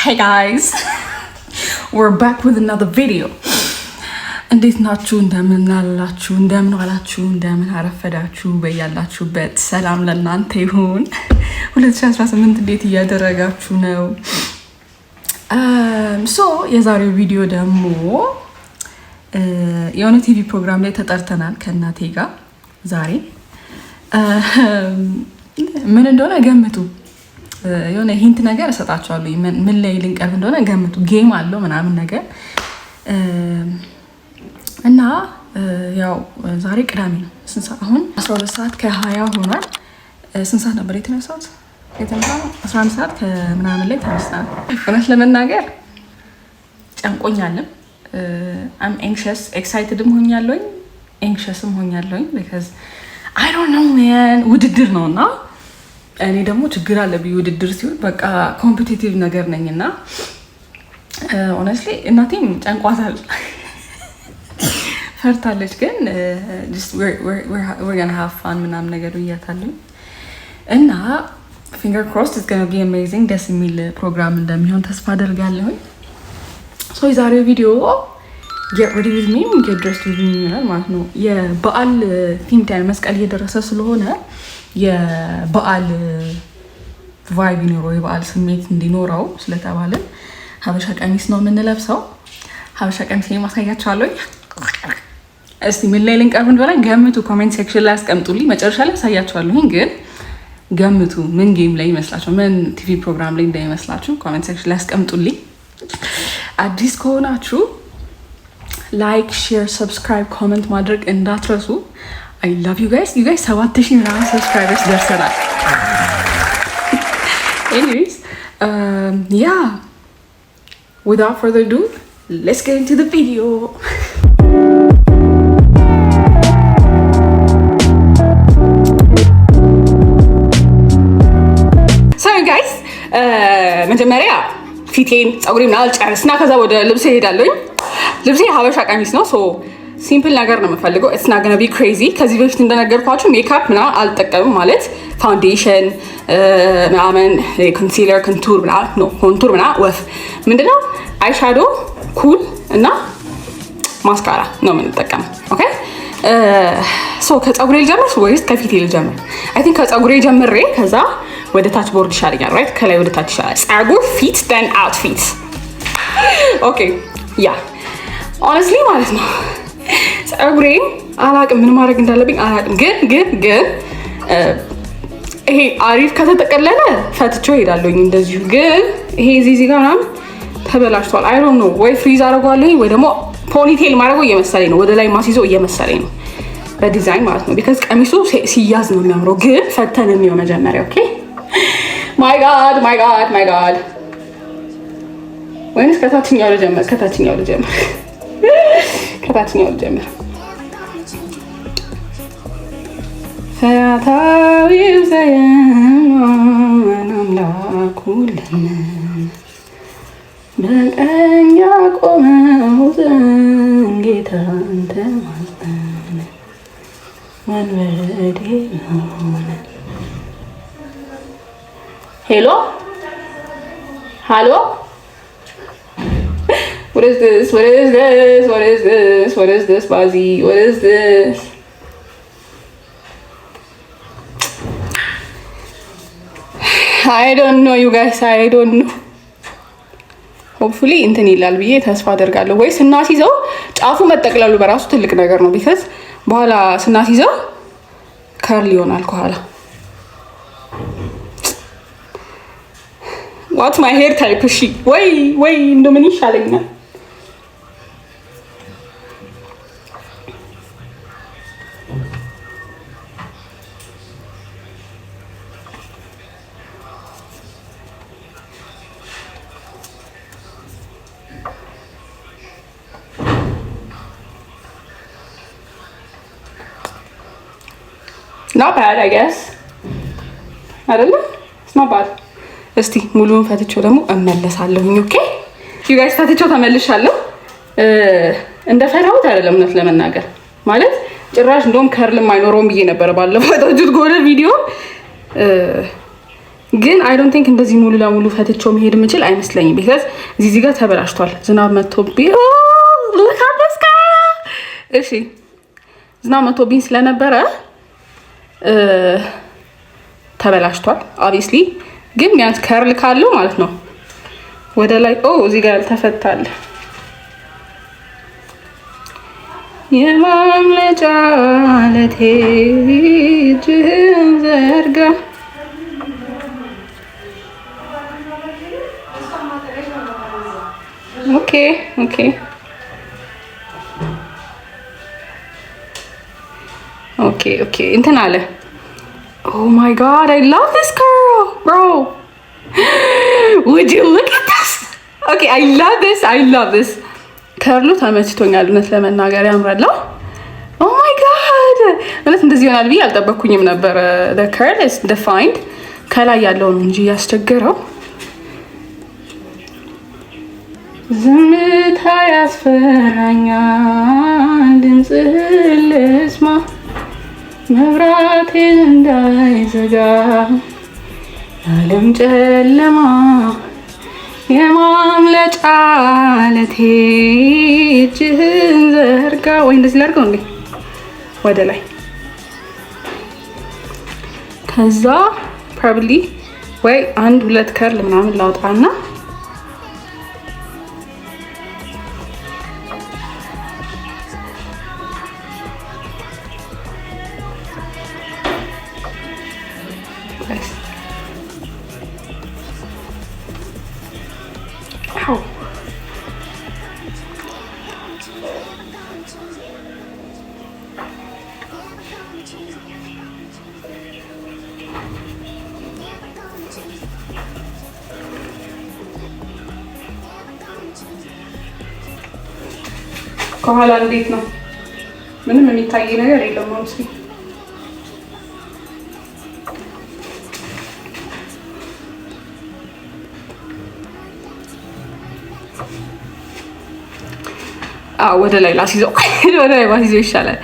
Hey guys we're back with another video እንዴት ናችሁ? እንደምን አላችሁ? እንደምን ዋላችሁ? እንደምን አረፈዳችሁ? በያላችሁበት ሰላም ለእናንተ ይሁን። 2018 እንዴት እያደረጋችሁ ነው? ሶ um, የዛሬው ቪዲዮ ደግሞ uh, የሆነ ቲቪ ፕሮግራም ላይ ተጠርተናል ከእናቴ ጋር ዛሬ uh, ምን እንደሆነ ገምቱ። የሆነ ሂንት ነገር እሰጣቸዋለሁ። ምን ላይ ልንቀርብ እንደሆነ ገምቱ። ጌም አለው ምናምን ነገር እና ያው ዛሬ ቅዳሜ ነው። ስንት ሰዓት አሁን? 12 ሰዓት ከ20 ሆኗል። ስንት ሰዓት ነበር የተነሳሁት? የተነሳው 11 ሰዓት ከምናምን ላይ ተነሳን። እውነት ለመናገር ጨንቆኛልም። አም ኤንክሸስ ኤክሳይትድም ሆኛለሁኝ፣ ኤንክሸስም ሆኛለሁኝ። ቢካዝ አይ ዶንት ኖ ውድድር ነው እና እኔ ደግሞ ችግር አለብኝ ውድድር ሲሆን በቃ ኮምፒቲቲቭ ነገር ነኝ እና ኦነስሊ እናቴም ጨንቋታል፣ ፈርታለች። ግን ገና ሀፋን ምናምን ነገር ብያታለሁ እና ፊንገር ክሮስድ ገና ቢ አሜዚንግ ደስ የሚል ፕሮግራም እንደሚሆን ተስፋ አደርጋለሁኝ። ሶ የዛሬው ቪዲዮ ጌት ሬዲ ዊዝ ሚ ጌት ድረስድ ዊዝ ሚ ይሆናል ማለት ነው። የበዓል ቲምታይም መስቀል እየደረሰ ስለሆነ የበዓል ቫይብ ይኖረው የበዓል ስሜት እንዲኖረው ስለተባለ ሀበሻ ቀሚስ ነው የምንለብሰው። ሀበሻ ቀሚስ ማሳያቸዋለኝ። እስቲ ምን ላይ ልንቀርብ እንደሆነ ገምቱ፣ ኮሜንት ሴክሽን ላይ አስቀምጡልኝ። መጨረሻ ላይ አሳያቸዋለሁኝ ግን ገምቱ ምን ጌም ላይ ይመስላችሁ፣ ምን ቲቪ ፕሮግራም ላይ እንዳይመስላችሁ ኮሜንት ሴክሽን ላይ አስቀምጡልኝ። አዲስ ከሆናችሁ ላይክ፣ ሼር፣ ሰብስክራይብ፣ ኮመንት ማድረግ እንዳትረሱ። አይ ላቭ ዩ ጋይስ ዩ ጋይስ ሰባት ሺህ ምናምን ሰብስክራይበርስ ደርሰናል። ኤኒዌይስ ያ ዊዛውት ፈርዘር ዱ ሌትስ ጌት ኢንቱ ዘ ቪዲዮ። ሶ ጋይስ መጀመሪያ ፊቴን ጸጉሬ ምናምን ጨርስና ከዛ ወደ ልብሴ እሄዳለሁኝ። ልብሴ ሀበሻ ቀሚስ ነው ሶ ሲምፕል ነገር ነው የምፈልገው። ኢትስ ናት ገና ቢ ክሬዚ። ከዚህ በፊት እንደነገርኳችሁ ሜካፕ ምናምን አልጠቀምም ማለት ፋውንዴሽን ምናምን፣ ኮንሲለር፣ ኮንቱር ምናምን ኮንቱር ምናምን ወፍ ምንድነው አይሻዶ፣ ኩል እና ማስካራ ነው የምንጠቀም። ኦኬ ሶ ከፀጉሬ ልጀምር ወይስ ከፊቴ ልጀምር? አይ ቲንክ ከፀጉሬ ጀምሬ ከዛ ወደ ታች ቦርድ ይሻለኛል። ራይት ከላይ ወደ ታች ይሻላል። ፀጉር ፊት ደን አውት ኦኬ ያ ኦነስትሊ ማለት ነው ፀጉሬ አላቅም፣ ምን ማድረግ እንዳለብኝ አላቅም። ግን ግን ግን ይሄ አሪፍ ከተጠቀለለ ፈትቼው እሄዳለሁኝ እንደዚሁ። ግን ይሄ እዚህ እዚህ ጋር ምናምን ተበላሽቷል። አይ ዶንት ኖ ወይ ፍሪዝ አደርገዋለሁ ወይ ደግሞ ፖኒቴል ማድረገው እየመሰለኝ ነው፣ ወደ ላይ ማስይዘው እየመሰለኝ ነው፣ በዲዛይን ማለት ነው። ቢካዝ ቀሚሱ ሲያዝ ነው የሚያምረው። ግን ፈተን የሚሆ መጀመሪያ ኦኬ። ማይ ጋድ ማይ ጋድ ማይ ጋድ። ወይንስ ከታችኛው ልጀምር? ከታችኛው ልጀምር ከታችኛው ልጀምር። ፈያታዊው ዘየማን አምላኩልን በቀኝ ያቆመሁትን ጌታን ተማጸን ወንበዴ ሆነ። ሄሎ ሃሎ What is this? What is this? What is this? What is this, Bazzy? What is this? አይ ዶንት ኖ ዩ ጋይስ I ዶንት ኖ ሆፕፉሊ እንትን ይላል ብዬ ተስፋ አደርጋለሁ። ወይ ስናስይዘው ጫፉ መጠቅለሉ በራሱ ትልቅ ነገር ነው። ቢከዝ በኋላ ስናስይዘው ከርል ይሆናል ከኋላ። ዋት ማይ ሄር ታይፕ። እሺ ወይ ወይ እንደምን ይሻለኛል? not bad I guess አይደለ it's not bad እስቲ ሙሉውን ፈትቼው ደግሞ እመለሳለሁኝ ኦኬ ዩ ጋይስ ፈትቼው ተመልሻለሁ እንደ ፈራሁት አይደለም እውነት ለመናገር ማለት ጭራሽ እንደውም ከርልም አይኖረውም ብዬ ነበረ ባለፈው የታጁት ጎረ ቪዲዮ ግን አይ ዶንት ቲንክ እንደዚህ ሙሉ ለሙሉ ፈትቼው መሄድ የምችል አይመስለኝም። ቢከዝ እዚህ ጋር ተበላሽቷል፣ ዝናብ መቶብኝ። እሺ ዝናብ መቶብኝ ስለነበረ ተበላሽቷል። አብስሊ ግን ቢያንስ ከርል ካለው ማለት ነው ወደ ላይ ኦ እዚህ ጋር ያልተፈታለ የማምለጫ አለቴ እጅህን ዘርጋ ኦኬ ኦኬ ኦኬ ኦኬ እንትን አለ። ኦ ማይ ጋድ አይ ላቭ ዲስ ገርል ብሮ ውድ ዩ ሉክ አት ዲስ ኦኬ አይ ላቭ ዲስ አይ ላቭ ዲስ ከርሉ ተመችቶኛል። እውነት ለመናገር ያምራል። ኦ ማይ ጋድ እውነት እንደዚህ ይሆናል ብዬ አልጠበኩኝም ነበር። the curl is defined ከላይ ያለው ነው እንጂ ያስቸገረው ዝምታ ያስፈራኛል። ድምፅህ ልስማ መብራቴን እንዳይዘጋ ዓለም ጨለማ የማምለጫ አለቴ እጅህን ዘርጋ። ወይ እንደዚህ ላድርገው እንዴ ወደ ላይ ከዛ ፕሮባብሊ ወይ አንድ ሁለት ከርል ምናምን ላውጣና ከኋላ እንዴት ነው? ምንም የሚታይ ነገር የለም። አምስ ወደ ላይ ላስይዘው፣ ወደ ላይ ባስይዘው ይሻላል።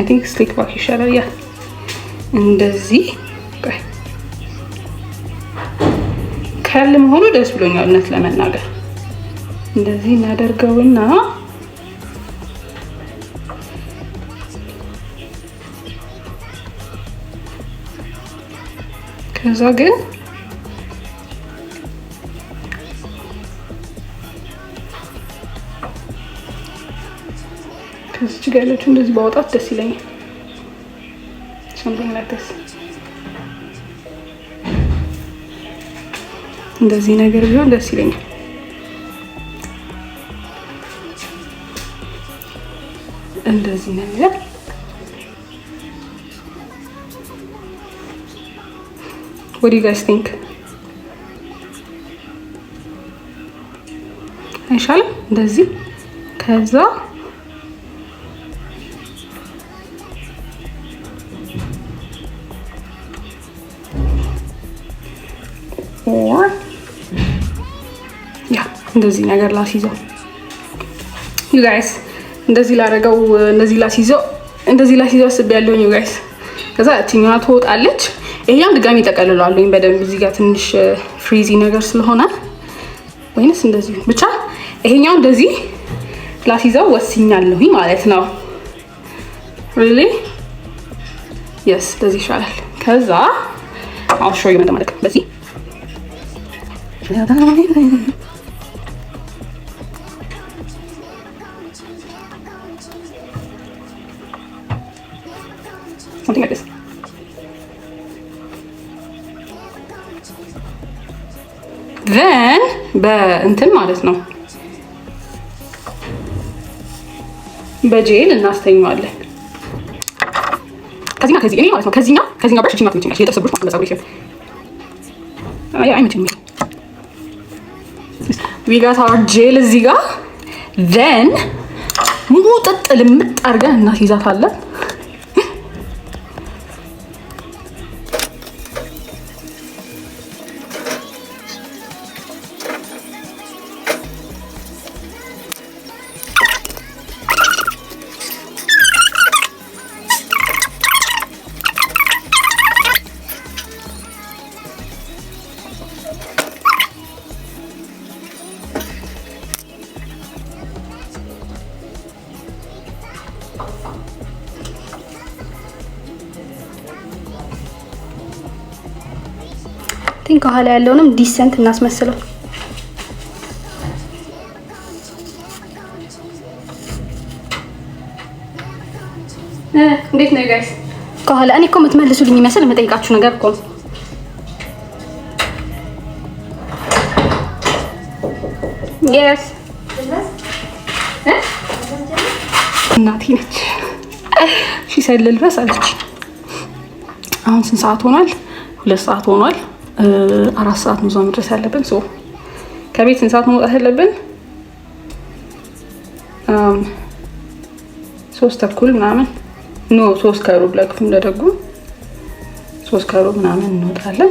አይ ቲንክ ስሊክ ባክ ይሻላል። ያ እንደዚህ ከል መሆኑ ደስ ብሎኛል እውነት ለመናገር እንደዚህ እናደርገውና ከዛ ግን እዚች ጋ ያለችው እንደዚህ ባወጣት ደስ ይለኛል። ሰምቶኝ ለተስ እንደዚህ ነገር ቢሆን ደስ ይለኛል። እንደዚህ ነገር ወዲ ጋይስ ቲንክ አይሻልም? እንደዚህ ከዛ እንደዚህ ነገር ላስይዘው ዩ ጋይስ እንደዚህ ላረገው እንደዚህ ላስይዘው እንደዚህ ላስይዘው አስቤያለሁኝ ዩ ጋይስ። ከዛ እቲኛ ትወጣለች። ይሄኛም ድጋሚ ጠቀልለዋለሁኝ በደንብ እዚህ ጋር ትንሽ ፍሪዚ ነገር ስለሆነ ወይንስ እንደዚህ ብቻ ይሄኛው እንደዚህ ላስይዘው ወስኛለሁኝ ማለት ነው። ሪሊ የስ እንደዚህ ይሻላል። ከዛ አውሾ ይመጣ ማለት በዚህ ዘን በእንትን ማለት ነው በጄል እናስተኛዋለን። ከዚህና ከዚህ እኔ ማለት ነው ከዚህኛው ከዚህኛው ብርሽ ይችላል ይችላል የጥርስ ብሩሽ ማለት ነው። አይመችም። ዊ ጋት አወር ጄል እዚህ ጋር ዘን ሙጥጥ ልምጥ አድርገህ እናት ይዛታለን። ከኋላ ያለውንም ዲሰንት እናስመስለው። እንዴት ነው ጋይስ? ከኋላ እኔ እኮ የምትመልሱልኝ ይመስል የምጠይቃችሁ ነገር እኮ ነው። እናቴ ነች ሺ ሳይለልበስ አለች። አሁን ስንት ሰዓት ሆኗል? ሁለት ሰዓት ሆኗል። አራት ሰዓት ነው እዛ መድረስ ያለብን። ከቤት ስንት ሰዓት መውጣት ያለብን? ሶስት ተኩል ምናምን ኖ ሶስት ከሩብ ለክፉ እንደደጉ ሶስት ከሩብ ምናምን እንወጣለን።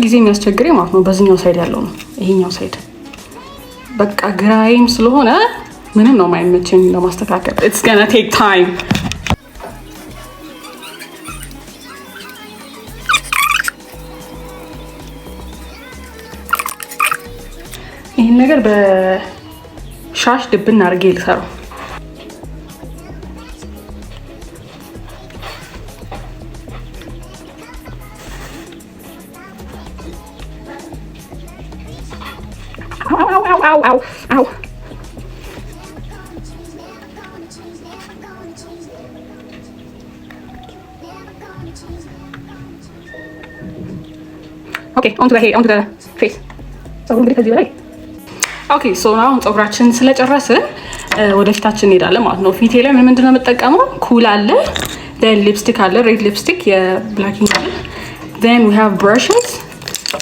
ሁልጊዜ የሚያስቸግረኝ ማለት ነው በዚህኛው ሳይድ ያለው ነው። ይሄኛው ሳይድ በቃ ግራይም ስለሆነ ምንም ነው ማይመቸኝ ለማስተካከል። ኢትስ ገና ቴክ ታይም ይህን ነገር በሻሽ ድብን አድርጌ ልሰራው ኦኬ ኦንቱ ጋር ኦንቱ ጋር ፌስ ጸጉር እንግዲህ ከዚህ በላይ ኦኬ ሶ አሁን ጸጉራችን ስለጨረስን ወደ ፊታችን እንሄዳለን ማለት ነው። ፊቴ ላይ ምን ምንድን ነው የምጠቀመው? ኩል አለ፣ ዴን ሊፕስቲክ አለ፣ ሬድ ሊፕስቲክ የብላኪንግ አለ፣ ዴን ዊ ሃቭ ብራሽስ፣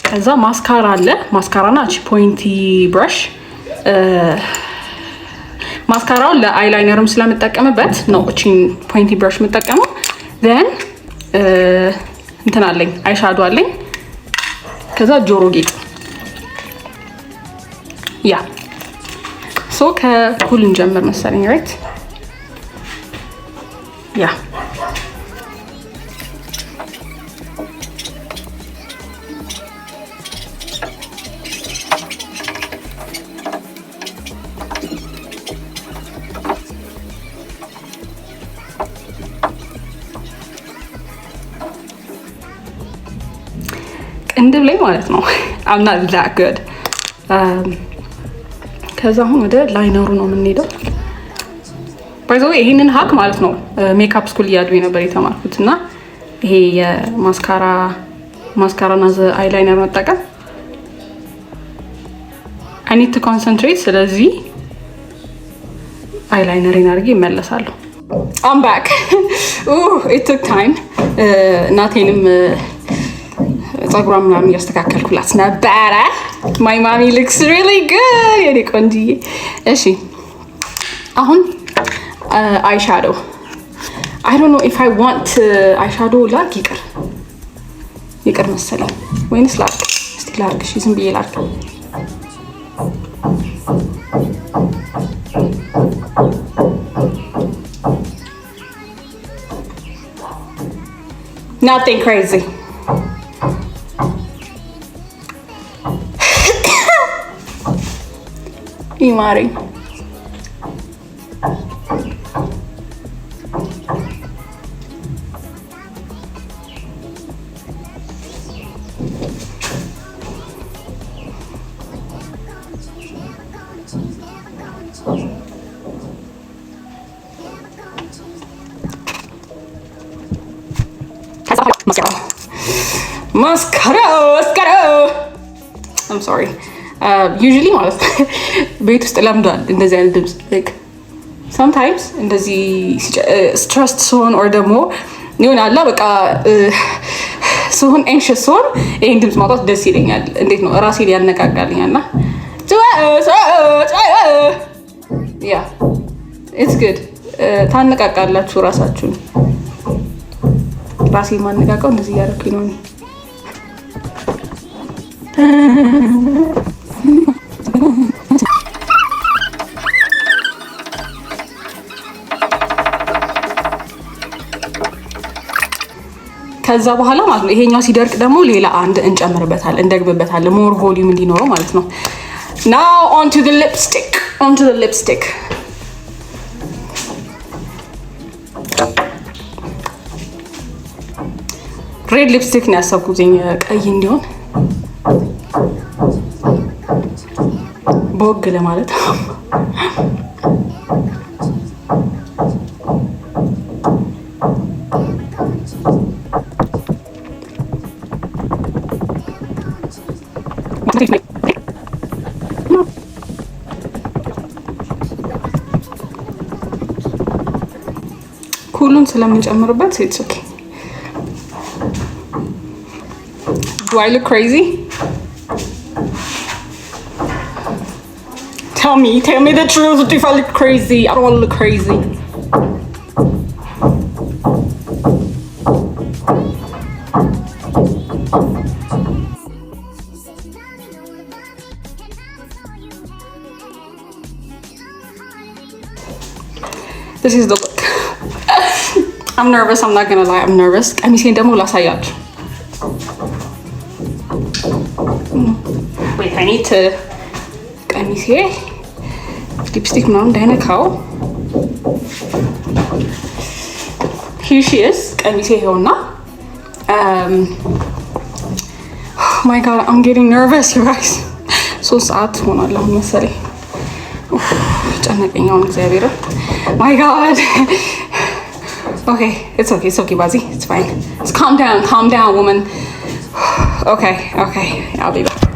ከዛ ማስካራ አለ። ማስካራ ና ቺ ፖይንቲ ብራሽ ማስካራውን ለአይላይነርም ስለምጠቀምበት ነው እቺን ፖይንቲ ብራሽ የምጠቀመው ዴን እንትን አለኝ አይሻዶ አለኝ። ከዛ ጆሮ ጌጥ ያ ሶ ከሁሉን ጀምር መሰለኝ ራይት ያ ማለት ነው። አምና ዛግድ um, ከዛ አሁን ወደ ላይነሩ ነው የምንሄደው። ባይዘ ይሄንን ሀክ ማለት ነው ሜካፕ ስኩል እያሉኝ ነበር የተማርኩት እና ይሄ የማስካራ ማስካራና አይላይነር መጠቀም አይኒት ኮንሰንትሬት። ስለዚህ አይላይነሬን አድርጌ ይመለሳለሁ። አም ባክ ኢት ቱክ ታይም እናቴንም uh, ፀጉሯን ምናምን እያስተካከልኩላት ነበረ። ማይ ማሚ ልክስ ሪሊ ጉድ የኔ ቆንጅዬ። እሺ አሁን አይሻዶ አይ ዶንት ኖ ኢፍ አይ ዋንት አይሻዶ ላርግ ይቅር ይቅር መሰለኝ ወይንስ ላርግ እስቲ ላርግ። እሺ ዝም ብዬ ላርግ። ናቲንግ ክሬዚ mimari. Mascara. Mascara. Mascara. I'm sorry. ዩዥሊ um, ማለት ቤት ውስጥ ለምዷል እንደዚህ አይነት ድምፅ ላይክ ሰምታይምስ እንደዚህ ስትረስ ሲሆን ኦር ደግሞ ይሆን አላ በቃ ሲሆን uh, ኤንሽስ ሲሆን ይህን ድምፅ ማውጣት ደስ ይለኛል። እንዴት ነው ራሴን ያነቃቃልኛል። ና ያ ኢትስ ግድ ታነቃቃላችሁ ራሳችሁን። ራሴ ማነቃቀው እንደዚህ እያደረኩኝ ነው። ከዛ በኋላ ማለት ነው ይሄኛው ሲደርቅ ደግሞ ሌላ አንድ እንጨምርበታለን፣ እንደግምበታለን ሞር ቮሊዩም እንዲኖረው ማለት ነው። ናው ኦን ቱ ሊፕስቲክ ኦን ቱ ሊፕስቲክ ሬድ ሊፕስቲክ ነው ያሰብኩት ቀይ እንዲሆን ቦግ ለማለት ምናምን ስለምንጨምርበት ኢትስ ኦኬ ዱ አይ ሉክ ክሬዚ ቴል ሚ ቴል ሚ ዘ ትሩዝ ዱ አይ ሉክ ክሬዚ አይ ዶንት ዋንት ሉክ ክሬዚ This is the አም ነርቨስ አም ናት ገና ላይ አም ነርቨስ። ቀሚሴን ደግሞ ላሳያችሁ። ወይ ታኒት ቀሚሴ ሊፕስቲክ ምናምን እንዳይነካው። ሂር ሺ ኢዝ ቀሚሴ ይኸውና። ማይ ጋድ አም ጌቲንግ ነርቨስ ዩ ጋይስ። ሶስት ሰዓት ሆኗል አሁን መሰለኝ። ጨነቀኛውን እግዚአብሔር ማይ ጋድ Okay, it's okay, it's okay, Buzzy. It's fine. Just calm down, calm down, woman. okay, okay, I'll be back.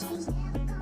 Thank you.